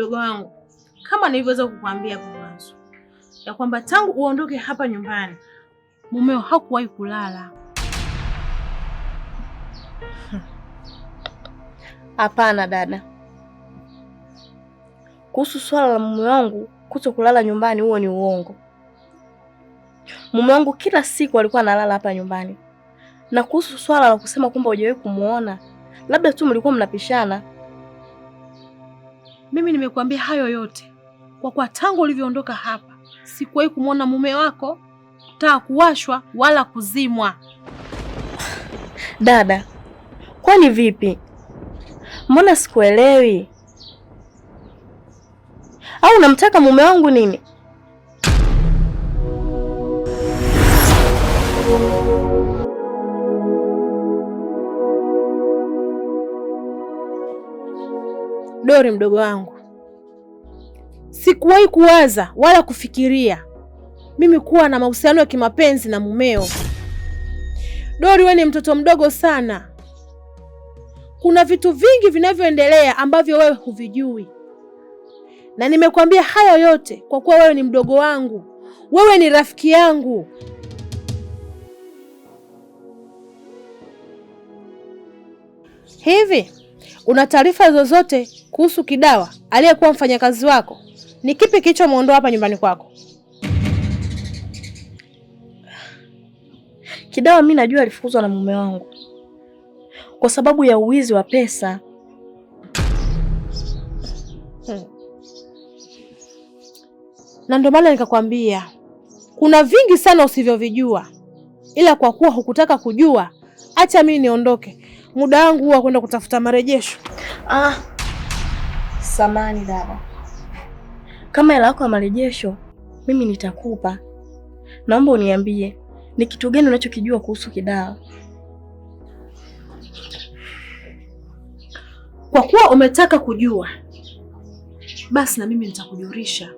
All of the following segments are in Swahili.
mdogo wangu, kama nilivyoweza kukwambia kwa mwanzo, ya kwamba tangu uondoke hapa nyumbani mumeo hakuwahi kulala. Hapana dada, kuhusu swala la mume wangu kuto kulala nyumbani, huo ni uongo. Mume wangu kila siku alikuwa analala hapa nyumbani, na kuhusu swala la kusema kwamba hujawahi kumuona, labda tu mlikuwa mnapishana mimi nimekuambia hayo yote kwa kuwa tangu ulivyoondoka hapa sikuwahi kumwona mume wako taa kuwashwa wala kuzimwa. Dada, kwani vipi? Mbona sikuelewi? Au unamtaka mume wangu nini? ushauri mdogo wangu. Sikuwahi kuwaza wala kufikiria mimi kuwa na mahusiano ya kimapenzi na mumeo. Dori, wewe ni mtoto mdogo sana. Kuna vitu vingi vinavyoendelea ambavyo wewe huvijui, na nimekwambia hayo yote kwa kuwa wewe ni mdogo wangu, wewe ni rafiki yangu. Hivi Una taarifa zozote kuhusu Kidawa aliyekuwa mfanyakazi wako? Ni kipi kilichomwondoa hapa nyumbani kwako? Kidawa mi najua alifukuzwa na mume wangu kwa sababu ya uwizi wa pesa. Hmm. Na ndio maana nikakwambia kuna vingi sana usivyovijua, ila kwa kuwa hukutaka kujua, acha mimi niondoke muda wangu huwa kwenda kutafuta marejesho. Ah, samani dada, kama hela yako ya marejesho mimi nitakupa. Naomba uniambie ni kitu gani unachokijua kuhusu Kidawa? Kwa kuwa umetaka kujua, basi na mimi nitakujulisha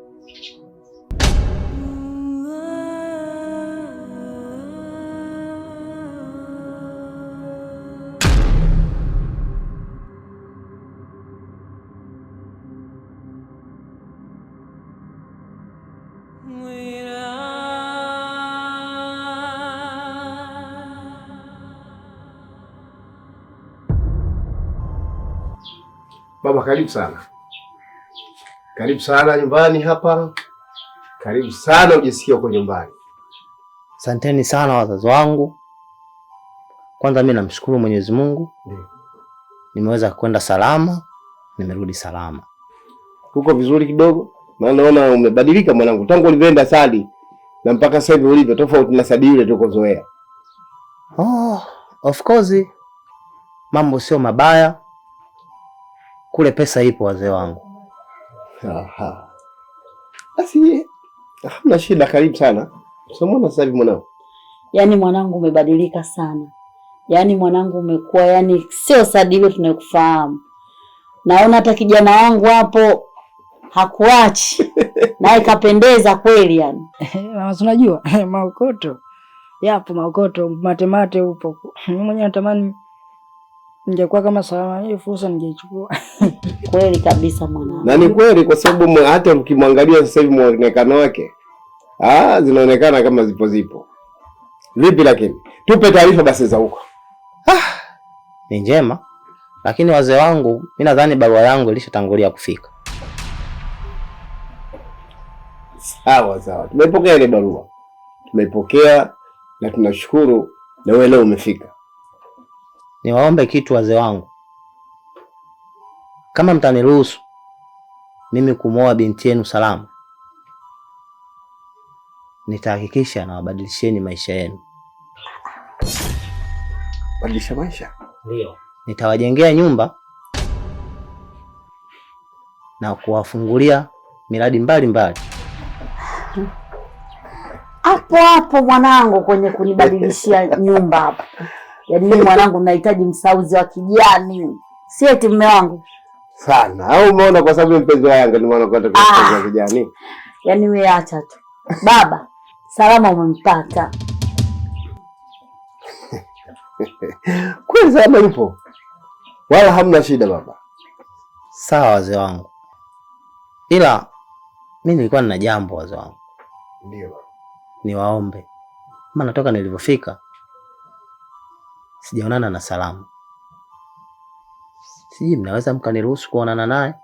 Baba, karibu sana, karibu sana nyumbani hapa, karibu sana ujisikia huko nyumbani. Asanteni sana wazazi wangu. Kwanza mimi namshukuru Mwenyezi Mungu, nimeweza kwenda salama, nimerudi salama. Uko vizuri kidogo? Maana naona umebadilika mwanangu, tangu ulivyoenda sadi na mpaka sasa hivi ulivyo tofauti na sadi ile tukozoea. Oh, of course mambo sio mabaya kule pesa ipo, wazee wangu. Aha, basi hamna shida, karibu sana. Usamwona sasa hivi mwanangu? Yaani mwanangu umebadilika sana, yaani mwanangu umekuwa, yaani sio Sadilo tunayokufahamu. Naona hata kijana wangu hapo hakuachi naye kapendeza kweli, yani unajua maokoto yapo, maokoto matemate upo mwenyewe, natamani ningekuwa kama Salama, hiyo fursa ningeichukua. Kweli kabisa mwanangu, na ni kweli, kwa sababu hata mkimwangalia sasa hivi muonekano wake, ah, zinaonekana kama zipo zipo. Vipi lakini, tupe taarifa basi za huko. Ah, ni njema, lakini wazee wangu, mi nadhani barua yangu ilishatangulia kufika. Sawa sawa, tumeipokea ile barua, tumeipokea na tunashukuru, na wewe leo umefika niwaombe kitu wazee wangu, kama mtaniruhusu mimi kumwoa binti yenu salama, nitahakikisha nawabadilisheni maisha yenu. Badilisha maisha? Ndio, nitawajengea nyumba na kuwafungulia miradi mbalimbali mbali. Hapo hapo mwanangu, kwenye kunibadilishia nyumba hapo Yaani mimi yaani mwanangu nahitaji msauzi wa kijani, si eti mume wangu sana. Au umeona, kwa sababu mpenzi wa Yanga ya ah. kijani. Yaani wewe acha tu baba, salama umempata kweli. Salama yupo, wala hamna shida baba. Sawa wazee wangu, ila mi nilikuwa nina jambo wazee wangu, ndio niwaombe, maana toka nilivyofika sijaonana na Salamu, sijui mnaweza mkaniruhusu kuonana naye?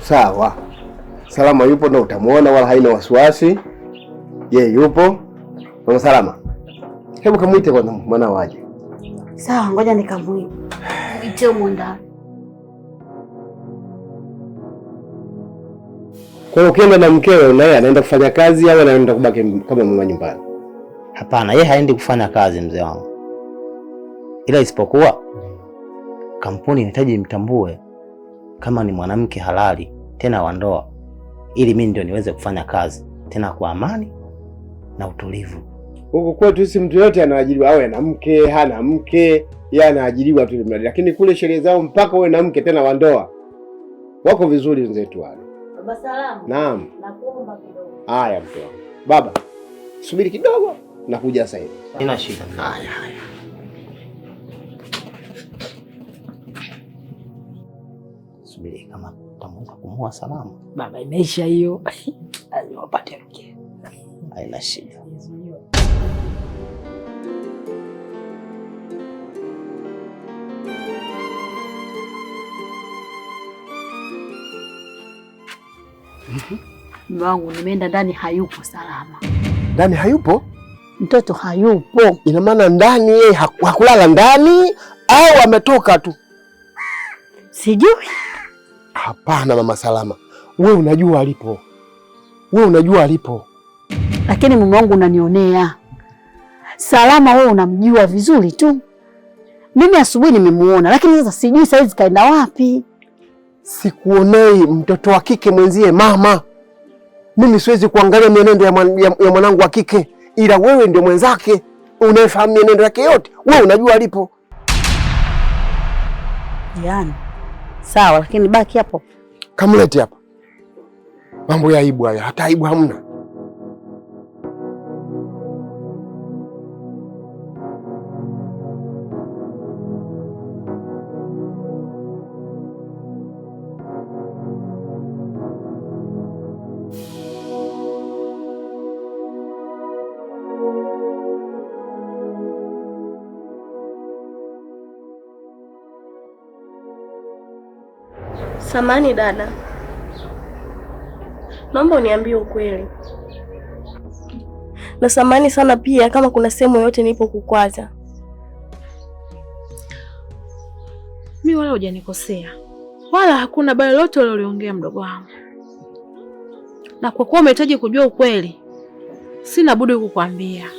Sawa, Salama yupo ndo utamwona, wala haina wasiwasi. Je, yupo mama Salama? Hebu kamwite kwanza mwana waje. Sawa, ngoja nikamwite. Mwite huko ndani. Kwa hiyo ukienda na mkewe na anaenda kufanya kazi au anaenda kubaki kama mama nyumbani? Hapana, yeye haendi kufanya kazi mzee wangu, ila isipokuwa kampuni inahitaji mtambue kama ni mwanamke halali tena wa ndoa, ili mimi ndio niweze kufanya kazi tena kwa amani na utulivu. Huko kwetu sisi mtu yote anaajiriwa, awe na mke hana mke, yeye anaajiriwa tu mradi, lakini kule sherehe zao mpaka uwe na mke tena wa ndoa. Wako vizuri wenzetu wale. Baba salamu. Naam. Nakuomba kidogo. Haya mtu wangu. Baba subiri kidogo, nakuja sasa hivi. Sina shida. Haya haya. Subiri kama utamuweza kumua salamu. Baba imeisha hiyo. haina shida. Mume wangu nimeenda ndani, hayupo salama. Ndani hayupo, mtoto hayupo. Ina maana ndani yeye hakulala ndani au ametoka tu, sijui. Hapana mama Salama, we unajua alipo, we unajua alipo lakini mume wangu unanionea. Salama wewe unamjua vizuri tu. Mimi asubuhi nimemuona, lakini sasa sijui saizi kaenda wapi. Sikuonei mtoto wa kike mwenzie mama. Mimi siwezi kuangalia mienendo ya, mwan, ya, ya mwanangu wa kike, ila wewe ndio mwenzake unayefahamu mienendo yake yote. Wewe unajua alipo. Yaani sawa, lakini baki hapo. Kamlete hapa. Mambo ya aibu haya, hata aibu hamna. Samani dada, naomba uniambie ukweli. Na samani sana pia kama kuna sehemu yoyote nipo kukwaza. Mi wala hujanikosea wala hakuna baya lolote uliongea mdogo wangu, na kwa kuwa umehitaji kujua ukweli, sina budi kukwambia.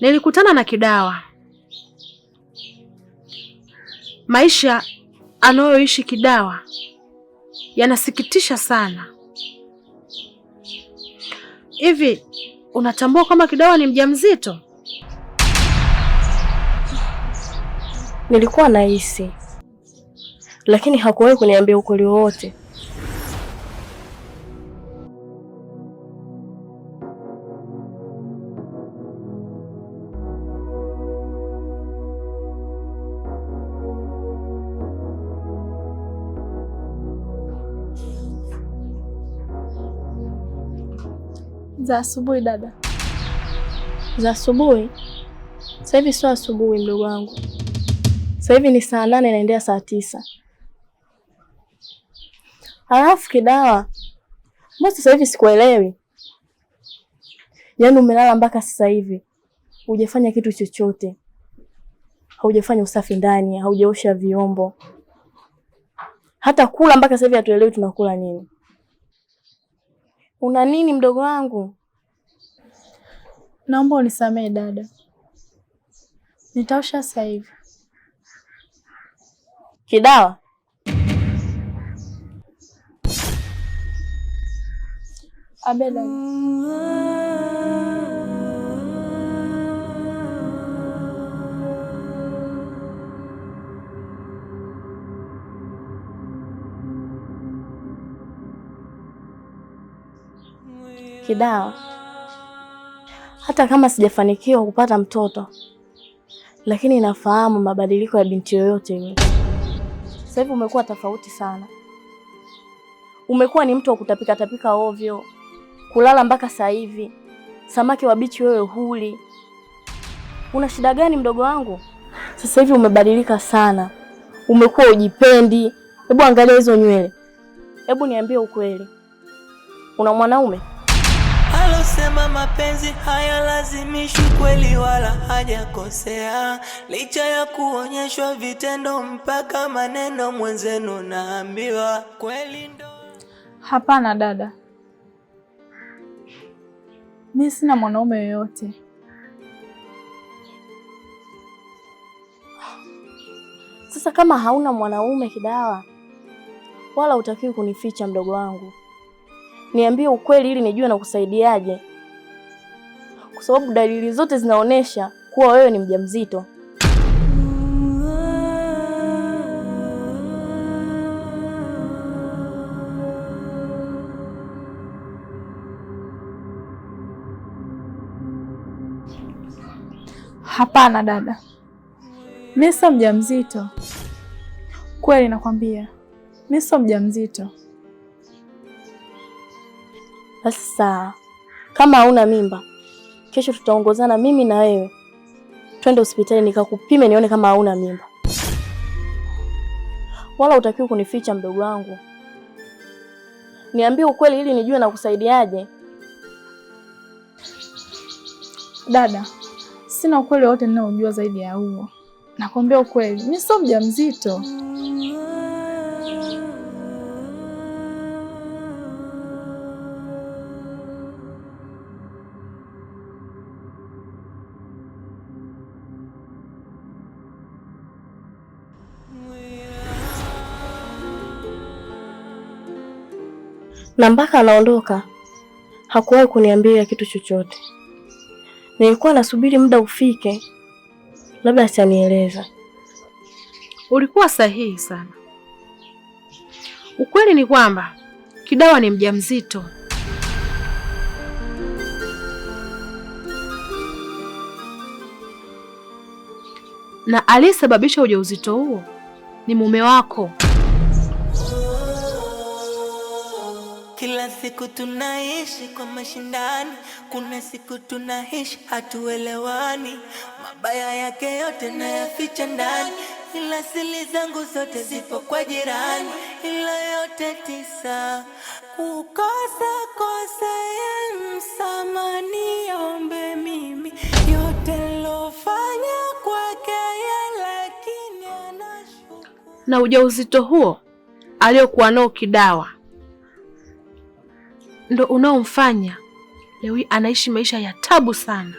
Nilikutana na Kidawa. Maisha anayoishi Kidawa yanasikitisha sana. Hivi unatambua kwamba Kidawa ni mjamzito? Nilikuwa nahisi, lakini hakuwahi kuniambia ukweli wowote. Za asubuhi dada, za asubuhi? Sasa hivi sio asubuhi, mdogo wangu. Sasa hivi ni saa nane naendea saa tisa. alafu Kidawa, mbona sasa hivi sikuelewi? Yaani umelala mpaka sasa hivi hujafanya kitu chochote, haujafanya usafi ndani, haujaosha vyombo, hata kula mpaka sasa hivi hatuelewi tunakula nini. Una nini mdogo wangu? Naomba unisamehe dada, nitaosha sasa hivi. Kidawa, Abela, Kidawa, hata kama sijafanikiwa kupata mtoto, lakini nafahamu mabadiliko ya binti yoyote yule. Sasa hivi umekuwa tofauti sana, umekuwa ni mtu wa kutapika tapika ovyo, kulala mpaka saa hivi. Samaki bichi wewe huli. Una shida gani mdogo wangu? Sasa hivi umebadilika sana, umekuwa ujipendi. Hebu angalia hizo nywele, hebu niambie ukweli, una mwanaume? alosema mapenzi hayalazimishi, kweli wala hajakosea, licha ya kuonyeshwa vitendo mpaka maneno, mwenzenu naambiwa kweli ndo. Hapana dada, mi sina mwanaume yoyote. Sasa kama hauna mwanaume Kidawa, wala utakiwi kunificha mdogo wangu niambie ukweli ili nijue na kusaidiaje, kwa sababu dalili zote zinaonyesha kuwa wewe ni mjamzito. Hapana dada, mimi sio mjamzito. Kweli nakwambia, mimi sio mjamzito. Basi sawa, kama hauna mimba, kesho tutaongozana mimi na wewe, twende hospitali nikakupime, nione kama hauna mimba. Wala utakiwa kunificha mdogo wangu, niambie ukweli ili nijue nakusaidiaje. Dada, sina ukweli wote ninaojua zaidi ya huo. Nakwambia ukweli, mimi sio mjamzito. na mpaka anaondoka hakuwahi kuniambia kitu chochote. Nilikuwa nasubiri muda ufike, labda atanieleza. Ulikuwa sahihi sana. Ukweli ni kwamba Kidawa ni mjamzito. Na aliyesababisha ujauzito huo ni mume wako. siku tunaishi kwa mashindani, kuna siku tunaishi hatuelewani. Mabaya yake yote nayaficha ndani, ila siri zangu zote zipo kwa jirani, ila yote tisa kukosa kosa ya msamani, ombe mimi yote lofanya kwake, lakini anashukuru na ujauzito huo aliyokuwa nao Kidawa ndo unaomfanya leo hii anaishi maisha ya tabu sana.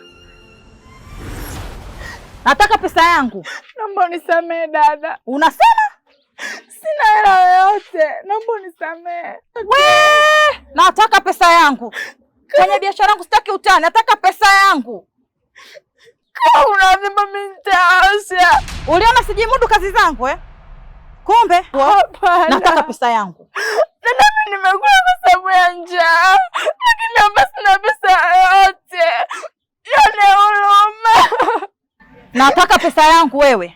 Nataka pesa yangu. Naomba unisamehe dada. Unasema sina hela yoyote, naomba unisamehe. We, nataka pesa yangu kwenye biashara yangu, sitaki utani, nataka pesa yangu. Kama unaadhiba mimi Uliona sijimudu kazi zangu eh? Kumbe oh, oh, nataka pesa yangu dada. Mimi nimekula kwa sababu ya njaa, lakini hapa sina pesa yoyote. Yale huruma, nataka pesa yangu wewe.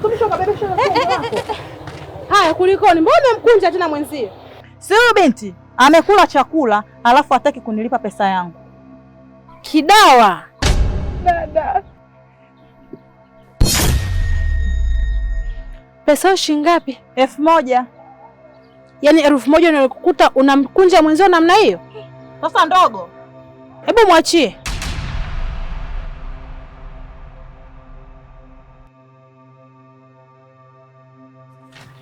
Eh, eh, eh, Haya, kulikoni? Mbona mkunja tena mwenzie Si huyu binti amekula chakula alafu hataki kunilipa pesa yangu kidawa, dada. Pesa hiyo shilingi ngapi? elfu moja. Yaani elfu moja unayokukuta unamkunja mwenzio namna hiyo? Sasa ndogo, hebu mwachie.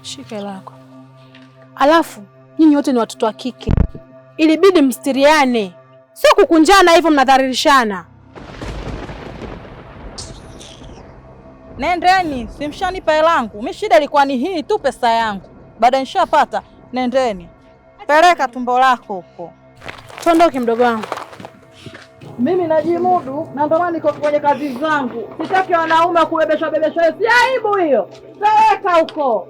Shika lako. Alafu nyinyi wote ni watoto wa kike, ilibidi mstiriane, sio kukunjana hivyo mnadharirishana Nendeni, simshanipa helangu. Mi shida ilikuwa ni hii tu, pesa yangu baada nishapata. Nendeni, peleka tumbo lako huko, tondoki mdogo wangu. Mimi najimudu na ndo maana niko kwenye kazi zangu, sitaki wanaume kubebeshwa bebeshwa, si aibu hiyo. Peleka huko.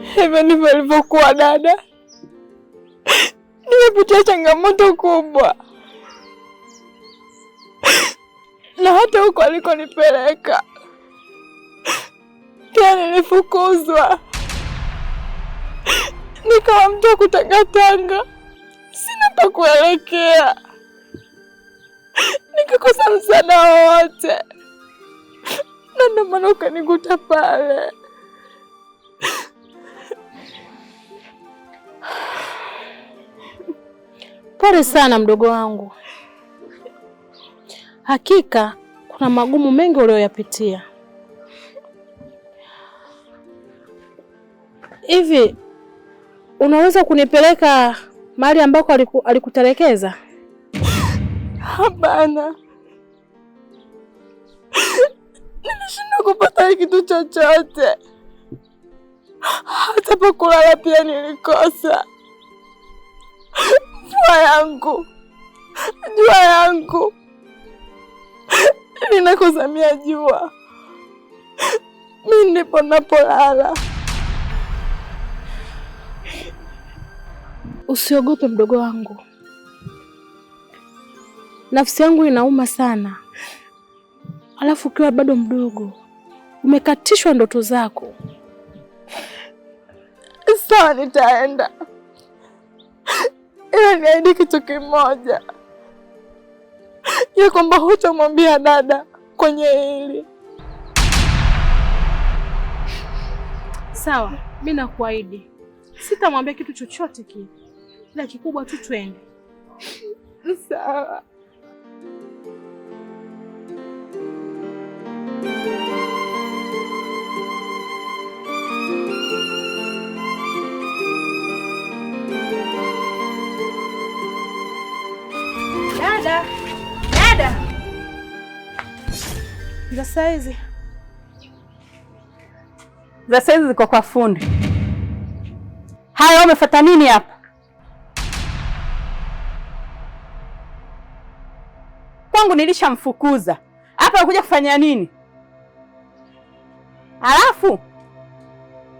Hivyo ndivyo ilivyokuwa dada, nimepitia changamoto kubwa na hata huko alikonipeleka pia nilifukuzwa, nikawa mtu wa kutangatanga, sina pa kuelekea, nikakosa msaada wowote, na ndio maana ukanikuta pale. Pole sana mdogo wangu. Hakika kuna magumu mengi uliyoyapitia. Hivi unaweza kunipeleka mahali ambako aliku, alikutelekeza? Hapana, nimeshindwa kupata kitu chochote, hata pa kulala pia nilikosa. jua yangu, jua yangu ninakuzamia jua, mi ndipo napolala. Usiogope mdogo wangu, nafsi yangu inauma sana, alafu ukiwa bado mdogo umekatishwa ndoto zako. Sawa, nitaenda, ila niahidi kitu kimoja ya kwamba hutamwambia dada kwenye hili. Sawa, mi nakuahidi sitamwambia kitu chochote kile, ila kikubwa tu twende. Sawa. za saizi za saizi ziko kwa fundi. Haya, umefuata nini hapa? Kwangu nilishamfukuza hapa, nakuja kufanya nini? Halafu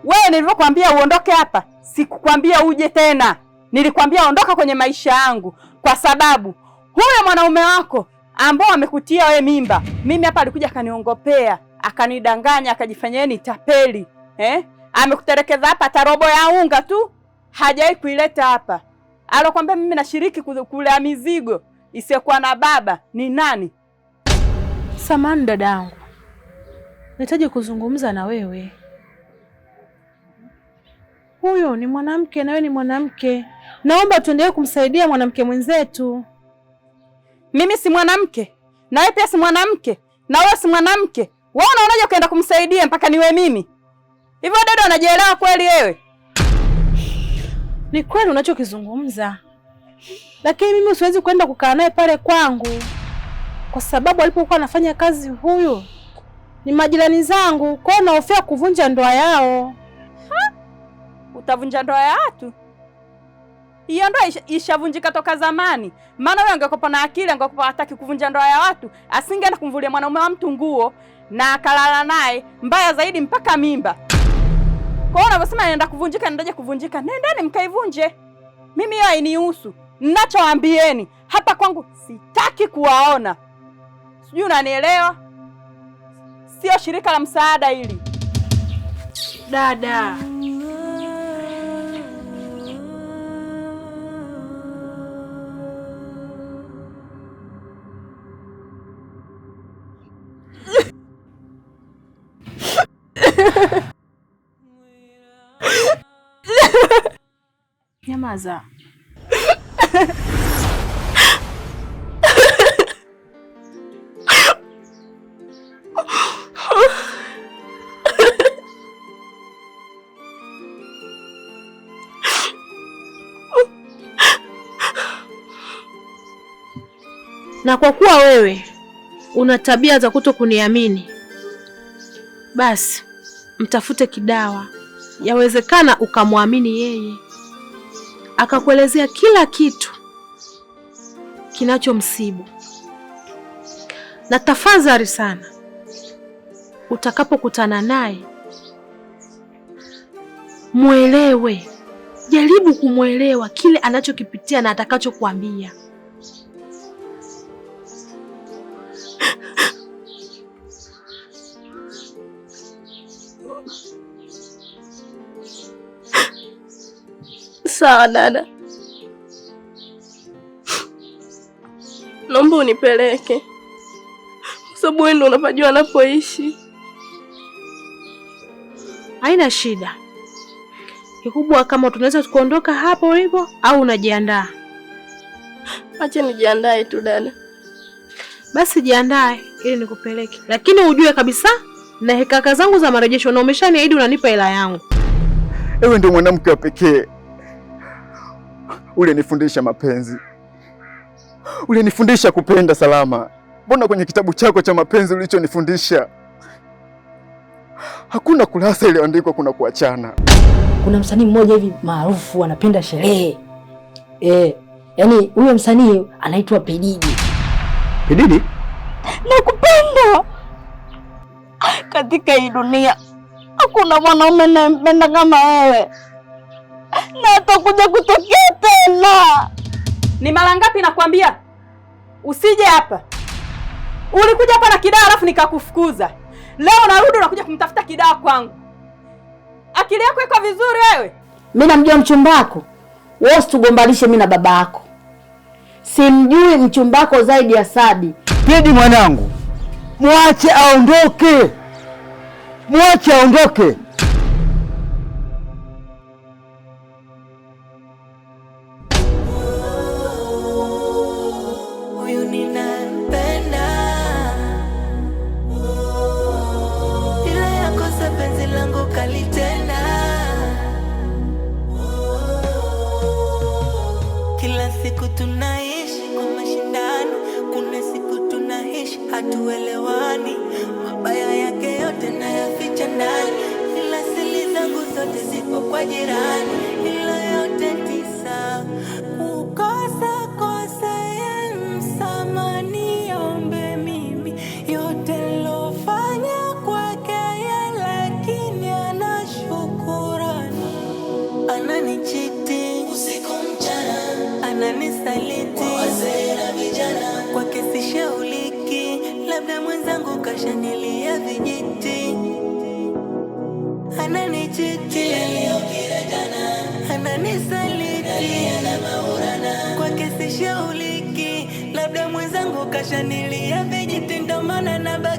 wewe, nilivyokwambia uondoke hapa, sikukwambia uje tena. Nilikwambia ondoka kwenye maisha yangu, kwa sababu huyo mwanaume wako ambao amekutia we mimba. Mimi hapa alikuja akaniongopea, akanidanganya, akajifanyia ni tapeli eh? Amekuterekeza hapa tarobo ya unga tu hajai kuileta hapa. Alokwambia mimi nashiriki kulea mizigo isiyokuwa na baba ni nani? Samani dadangu, nahitaji kuzungumza na wewe. Huyo ni mwanamke na wewe ni mwanamke, naomba tuendelee kumsaidia mwanamke mwenzetu. Mimi si mwanamke na wewe pia si mwanamke na wewe si mwanamke. Wewe unaonaje ukaenda kumsaidia mpaka niwe mimi hivyo? Dada anajielewa kweli wewe? Ni kweli unachokizungumza, lakini mimi siwezi kwenda kukaa naye pale kwangu, kwa sababu alipokuwa anafanya kazi huyu ni majirani zangu, kwao naofia kuvunja ndoa yao. Ha? Utavunja ndoa ya watu hiyo ndoa isha, ishavunjika toka zamani. Maana huyo angekopa na akili, angekopa hataki kuvunja ndoa ya watu, asingeenda kumvulia mwanaume wa mtu nguo na akalala naye, mbaya zaidi mpaka mimba. Kwa hiyo unavyosema inaenda kuvunjika, inaendaje kuvunjika? Nendeni mkaivunje, mimi hiyo hainihusu. Ninachowaambieni, hapa kwangu sitaki kuwaona, sijui unanielewa? Sio shirika la msaada hili dada. Nyamaza. Na kwa kuwa wewe una tabia za kuto kuniamini, basi mtafute Kidawa, yawezekana ukamwamini yeye akakuelezea kila kitu kinachomsibu, na tafadhali sana utakapokutana naye mwelewe, jaribu kumwelewa kile anachokipitia na atakachokuambia. Sawa dada, naomba unipeleke kwa sababu wewe ndio unapajua anapoishi. Haina shida. Kikubwa kama tunaweza kuondoka hapo ulipo au unajiandaa? Acha nijiandae tu dada. Basi jiandae ili nikupeleke, lakini ujue kabisa na hekaka zangu za marejesho, na umeshaniahidi unanipa hela yangu. Ewe ndio mwanamke wa pekee ulinifundisha mapenzi, ulinifundisha kupenda Salama. Mbona kwenye kitabu chako cha mapenzi ulichonifundisha hakuna kurasa iliyoandikwa kuna kuachana? Kuna msanii mmoja hivi maarufu anapenda sherehe e, yani huyo msanii anaitwa Pididi. Pididi, nakupenda. Katika hii dunia hakuna mwanaume anayempenda kama wewe na atakuja kutokea tena. Ni mara ngapi nakwambia usije hapa? Ulikuja hapa na kidaa alafu nikakufukuza. Leo narudi unakuja kumtafuta kidaa kwangu. Akili yako iko vizuri wewe? Mimi namjua mchumbako. Wewe usitugombanishe mimi na baba yako. Simjui mchumbako zaidi ya Sadi. Pidi mwanangu, mwache aondoke, mwache aondoke. labda mwenzangu kashanilia vijiti, ananichiti ananisaliti, kwake sishauliki, labda mwenzangu kashanilia vijiti, ndo maana na